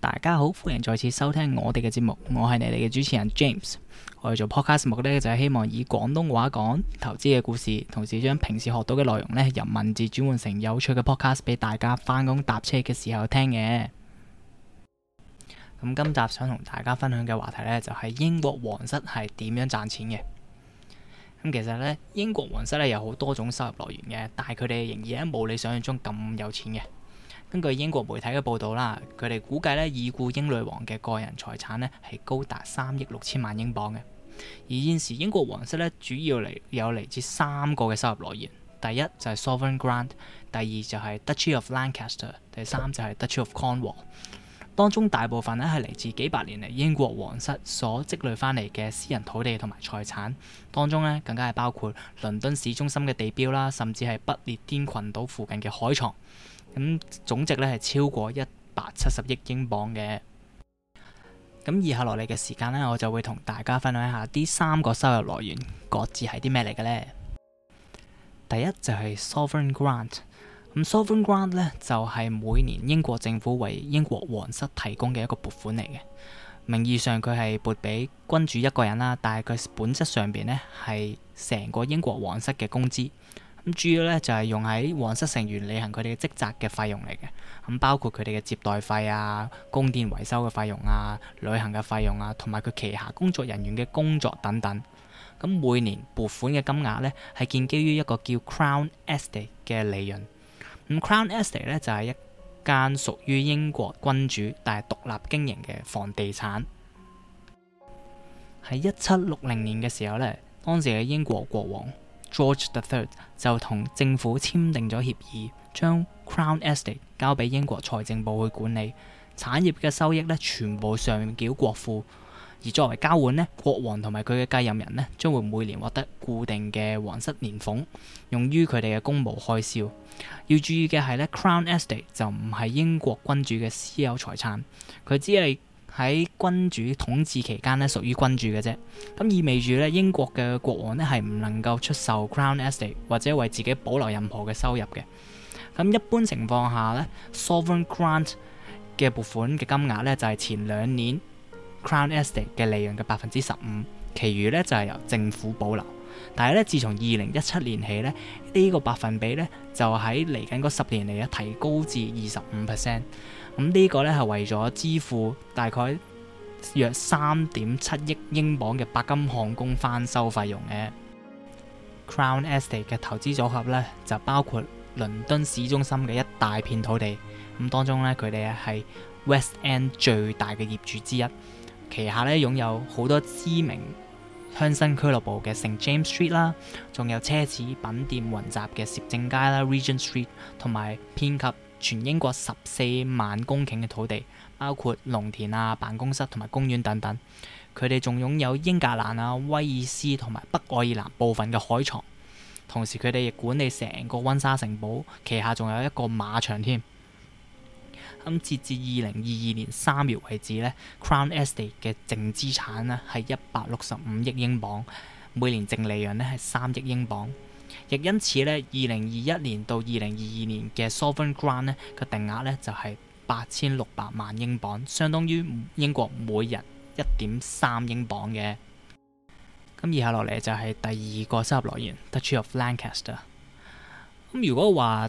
大家好，歡迎再次收聽我哋嘅節目，我係你哋嘅主持人 James。我哋做 podcast 目的呢，就係希望以廣東話講投資嘅故事，同時將平時學到嘅內容呢，由文字轉換成有趣嘅 podcast 俾大家翻工搭車嘅時候聽嘅。咁今集想同大家分享嘅話題呢，就係英國皇室係點樣賺錢嘅。咁其實呢，英國皇室呢，有好多種收入來源嘅，但係佢哋仍然係冇你想象中咁有錢嘅。根據英國媒體嘅報道啦，佢哋估計咧已故英女王嘅個人財產咧係高達三億六千萬英鎊嘅。而現時英國皇室咧主要嚟有嚟自三個嘅收入來源，第一就係 Sovereign Grant，第二就係 Duchy of Lancaster，第三就係 Duchy of Cornwall。當中大部分咧係嚟自幾百年嚟英國皇室所積累翻嚟嘅私人土地同埋財產，當中咧更加係包括倫敦市中心嘅地標啦，甚至係不列顛群島附近嘅海床。咁總值咧係超過一百七十億英鎊嘅。咁以下落嚟嘅時間咧，我就會同大家分享一下啲三個收入來源各自係啲咩嚟嘅咧。第一就係 Sovereign Grant, grant。咁 Sovereign Grant 咧就係、是、每年英國政府為英國皇室提供嘅一個撥款嚟嘅。名義上佢係撥俾君主一個人啦，但係佢本質上邊咧係成個英國皇室嘅工資。咁主要咧就係用喺皇室成員履行佢哋嘅職責嘅費用嚟嘅，咁包括佢哋嘅接待費啊、供電維修嘅費用啊、旅行嘅費用啊，同埋佢旗下工作人員嘅工作等等。咁每年撥款嘅金額咧係建基於一個叫 Crown Estate 嘅利潤。咁 Crown Estate 咧就係、是、一間屬於英國君主但係獨立經營嘅房地產。喺一七六零年嘅時候咧，當時嘅英國國王。George the Third 就同政府簽訂咗協議，將 Crown Estate 交俾英國財政部去管理。產業嘅收益咧，全部上繳國庫。而作為交換呢，國王同埋佢嘅繼任人呢，將會每年獲得固定嘅皇室年俸，用於佢哋嘅公務開銷。要注意嘅係咧，Crown Estate 就唔係英國君主嘅私有財產，佢只係，喺君主統治期間咧，屬於君主嘅啫。咁意味住咧，英國嘅國王咧係唔能夠出售 Crown Estate 或者為自己保留任何嘅收入嘅。咁一般情況下咧，Sovereign Grant 嘅撥款嘅金額咧就係前兩年 Crown Estate 嘅利潤嘅百分之十五，其餘咧就係由政府保留。但係咧，自從二零一七年起咧，呢、這個百分比咧就喺嚟緊嗰十年嚟咧提高至二十五 percent。咁呢、這個咧係為咗支付大概約三點七億英鎊嘅白金漢宮翻修費用嘅。Crown Estate 嘅投資組合咧就包括倫敦市中心嘅一大片土地。咁當中咧，佢哋係 West End 最大嘅業主之一，旗下咧擁有好多知名。鄉紳俱樂部嘅 St. James Street 啦，仲有奢侈品店雲集嘅攝政街啦，Regent Street 同埋遍及全英國十四萬公頃嘅土地，包括農田啊、辦公室同埋公園等等。佢哋仲擁有英格蘭啊、威爾斯同埋北愛爾蘭部分嘅海床，同時佢哋亦管理成個溫莎城堡，旗下仲有一個馬場添。咁截至二零二二年三月為止咧，Crown Estate 嘅淨資產咧係一百六十五億英鎊，每年淨利潤咧係三億英鎊，亦因此咧，二零二一年到二零二二年嘅 Sovereign Grant 咧嘅定額咧就係八千六百萬英鎊，相當於英國每日一點三英鎊嘅。咁以下落嚟就係第二個收入來源，The Duchy of Lancaster。咁如果話，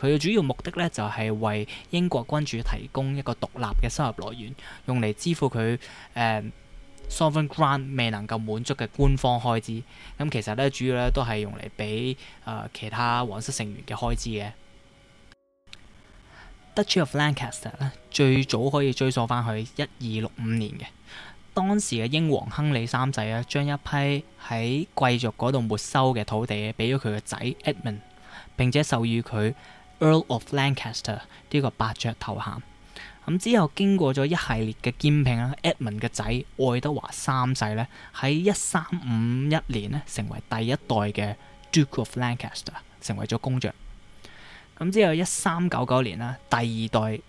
佢嘅主要目的咧，就係、是、為英國君主提供一個獨立嘅收入來源，用嚟支付佢、呃、Sovereign Grant 未能夠滿足嘅官方開支。咁、嗯、其實咧，主要咧都係用嚟俾、呃、其他王室成員嘅開支嘅。Duchy of Lancaster 咧，最早可以追溯翻去一二六五年嘅。當時嘅英皇亨利三世咧，將一批喺貴族嗰度沒收嘅土地俾咗佢嘅仔 Edmund，並且授予佢 Earl of Lancaster 呢個伯爵頭銜，咁之後經過咗一系列嘅兼併啦 Edmund 嘅仔愛德華三世咧，喺一三五一年咧成為第一代嘅 Duke of Lancaster，成為咗公爵。咁之後一三九九年啦，第二代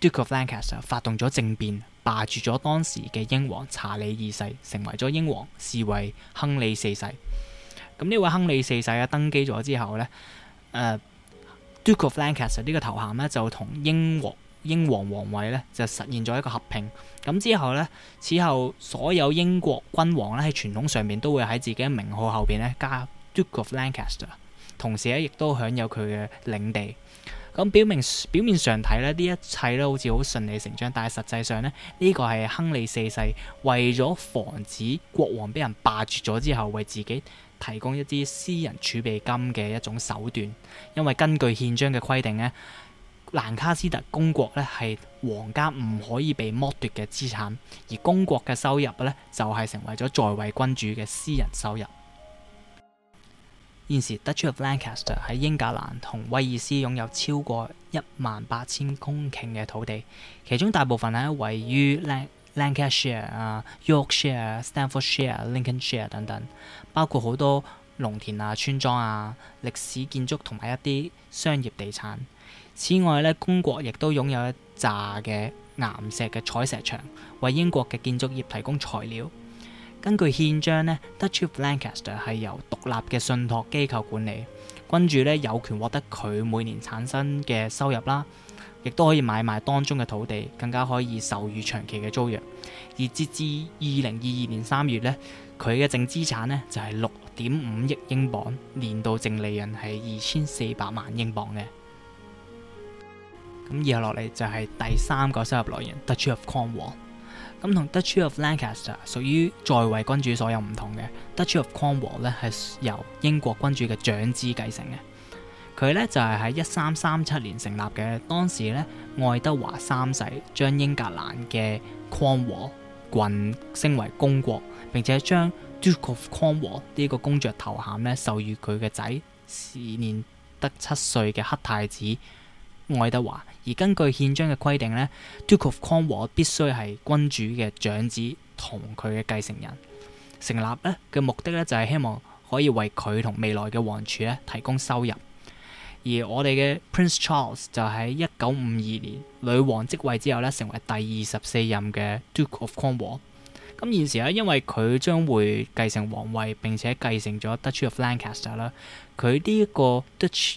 Duke of Lancaster 發動咗政變，霸住咗當時嘅英皇查理二世，成為咗英皇，是為亨利四世。咁呢位亨利四世啊登基咗之後咧，誒、呃。Duke of Lancaster 呢個頭銜咧就同英皇英皇皇位咧就實現咗一個合併，咁之後咧，此後所有英國君王咧喺傳統上面都會喺自己嘅名號後面咧加 Duke of Lancaster，同時咧亦都享有佢嘅領地。咁表面表面上睇咧，呢一切咧好似好順理成章，但係實際上咧，呢個係亨利四世為咗防止國王俾人霸絕咗之後，為自己提供一啲私人儲備金嘅一種手段。因為根據憲章嘅規定咧，蘭卡斯特公國咧係皇家唔可以被剝奪嘅資產，而公國嘅收入咧就係成為咗在位君主嘅私人收入。現時，Duchy of Lancaster 喺英格蘭同威爾斯擁有超過一萬八千公頃嘅土地，其中大部分喺位於 Lancashire 啊、Yorkshire、Staffordshire、Lincolnshire 等等，包括好多農田啊、村莊啊、歷史建築同埋一啲商業地產。此外咧，公國亦都擁有一紮嘅岩石嘅採石場，為英國嘅建築業提供材料。根據憲章咧，Duchy of Lancaster 係由獨立嘅信託機構管理，君主咧有權獲得佢每年產生嘅收入啦，亦都可以買賣當中嘅土地，更加可以授予長期嘅租約。而截至二零二二年三月咧，佢嘅淨資產咧就係六點五億英鎊，年度淨利潤係二千四百萬英鎊嘅。咁以後落嚟就係第三個收入來源，Duchy of Cornwall。咁同 Duchy of Lancaster 屬於在位君主所有唔同嘅，Duchy of Cornwall 咧係由英國君主嘅長子繼承嘅。佢咧就係喺一三三七年成立嘅，當時咧愛德華三世將英格蘭嘅 Cornwall 郡升為公國，並且將 Duke of Cornwall 呢個公爵頭銜咧授予佢嘅仔，時年得七歲嘅黑太子。愛德華，而根據憲章嘅規定咧，Duke of Cornwall 必須係君主嘅長子同佢嘅繼承人。成立咧嘅目的咧就係希望可以為佢同未來嘅王儲咧提供收入。而我哋嘅 Prince Charles 就喺一九五二年女王即位之後咧，成為第二十四任嘅 Duke of Cornwall。咁現時咧，因為佢將會繼承皇位，並且繼承咗 Duchy of Lancaster 啦，佢呢一個 Duchy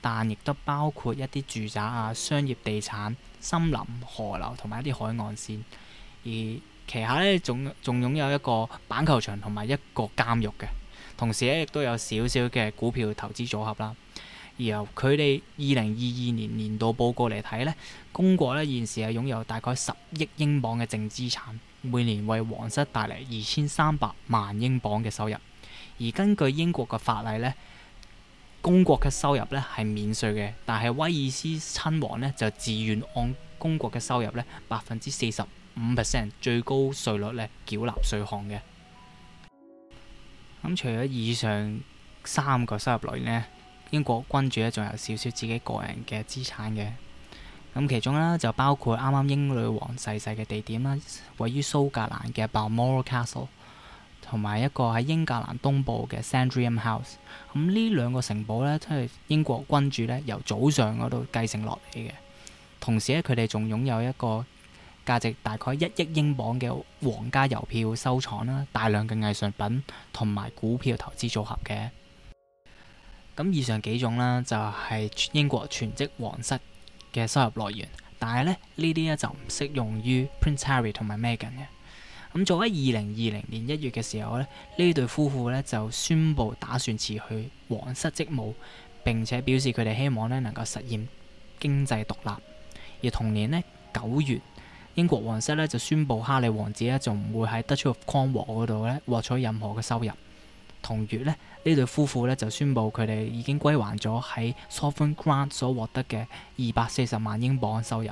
但亦都包括一啲住宅啊、商業地產、森林、河流同埋一啲海岸線。而旗下咧，仲仲擁有一個板球場同埋一個監獄嘅。同時咧，亦都有少少嘅股票投資組合啦。而由佢哋二零二二年年度報告嚟睇咧，公國咧現時係擁有大概十億英鎊嘅淨資產，每年為皇室帶嚟二千三百萬英鎊嘅收入。而根據英國嘅法例咧，公國嘅收入咧係免稅嘅，但係威爾斯親王咧就自願按公國嘅收入咧百分之四十五 percent 最高稅率咧繳納稅項嘅。咁除咗以上三個收入來源咧，英國君主咧仲有少少自己個人嘅資產嘅。咁其中咧就包括啱啱英女王逝世嘅地點啦，位於蘇格蘭嘅 Balmoral Castle。同埋一個喺英格蘭東部嘅 Sandringham House，咁呢兩個城堡咧，都係英國君主咧由祖上嗰度繼承落嚟嘅。同時咧，佢哋仲擁有一個價值大概一億英鎊嘅皇家郵票收藏啦，大量嘅藝術品同埋股票投資組合嘅。咁以上幾種啦，就係英國全職皇室嘅收入來源，但係咧呢啲咧就唔適用於 Prince Harry 同埋 Meghan 嘅。咁在喺二零二零年一月嘅時候咧，呢對夫婦咧就宣布打算辭去皇室職務，並且表示佢哋希望咧能夠實現經濟獨立。而同年呢九月，英國皇室咧就宣布哈里王子咧就唔會喺 Duchy of Cornwall 嗰度咧獲取任何嘅收入。同月咧，呢對夫婦咧就宣布佢哋已經歸還咗喺 Sovereign Grant 所獲得嘅二百四十萬英鎊收入。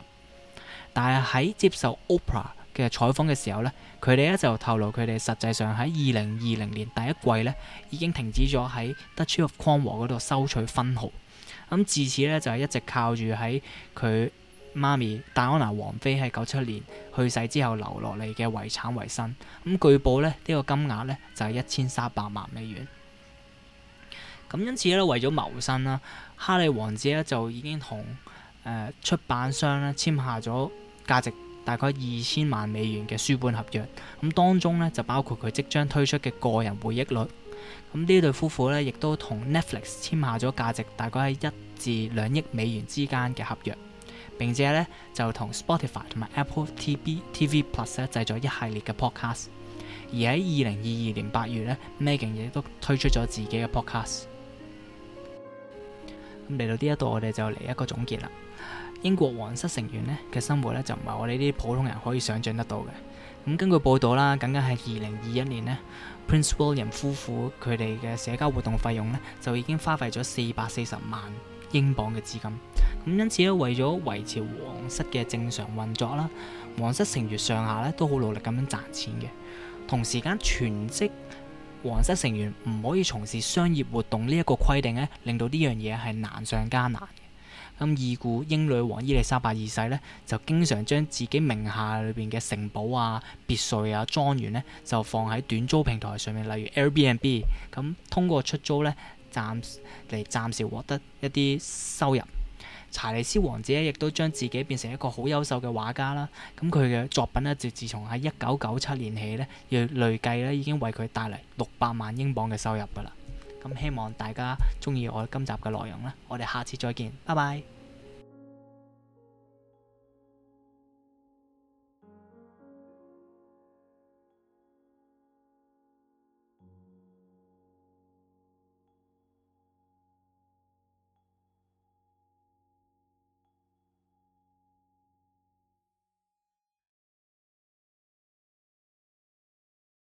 但係喺接受 Oprah 嘅採訪嘅時候咧，佢哋咧就透露佢哋實際上喺二零二零年第一季咧已經停止咗喺 Duchy of Cornwall 嗰度收取分毫。咁、嗯、自此咧就係一直靠住喺佢媽咪戴安娜王妃喺九七年去世之後留落嚟嘅遺產為生，咁、嗯、據報咧呢、呢個金額咧就係一千三百萬美元，咁因此咧為咗謀生啦，哈利王子咧就已經同誒、呃、出版商咧簽下咗價值大概二千萬美元嘅書本合約，咁當中咧就包括佢即將推出嘅個人回憶錄。咁呢對夫婦咧亦都同 Netflix 簽下咗價值大概喺一至兩億美元之間嘅合約，並且咧就同 Spotify 同埋 Apple TV, TV、TV Plus 製作一系列嘅 podcast。而喺二零二二年八月咧 Meghan 亦都推出咗自己嘅 podcast。咁嚟到呢一度，我哋就嚟一個總結啦。英國皇室成員咧嘅生活咧就唔係我哋啲普通人可以想像得到嘅。咁根據報道啦，僅僅係二零二一年呢 Prince William 夫婦佢哋嘅社交活動費用咧就已經花費咗四百四十萬英鎊嘅資金。咁因此咧，為咗維持皇室嘅正常運作啦，皇室成員上下咧都好努力咁樣賺錢嘅。同時間全職皇室成員唔可以從事商業活動呢一個規定咧，令到呢樣嘢係難上加難的。咁，已故英女王伊麗莎白二世咧，就經常將自己名下裏面嘅城堡啊、別墅啊、莊園咧，就放喺短租平台上面，例如 Airbnb，咁通過出租咧，暫嚟暫時獲得一啲收入。查理斯王子咧，亦都將自己變成一個好優秀嘅畫家啦。咁佢嘅作品咧，就自從喺一九九七年起咧，累累計咧已經為佢帶嚟六百萬英鎊嘅收入㗎啦。咁希望大家鍾意我今集嘅內容啦，我哋下次再見，拜拜。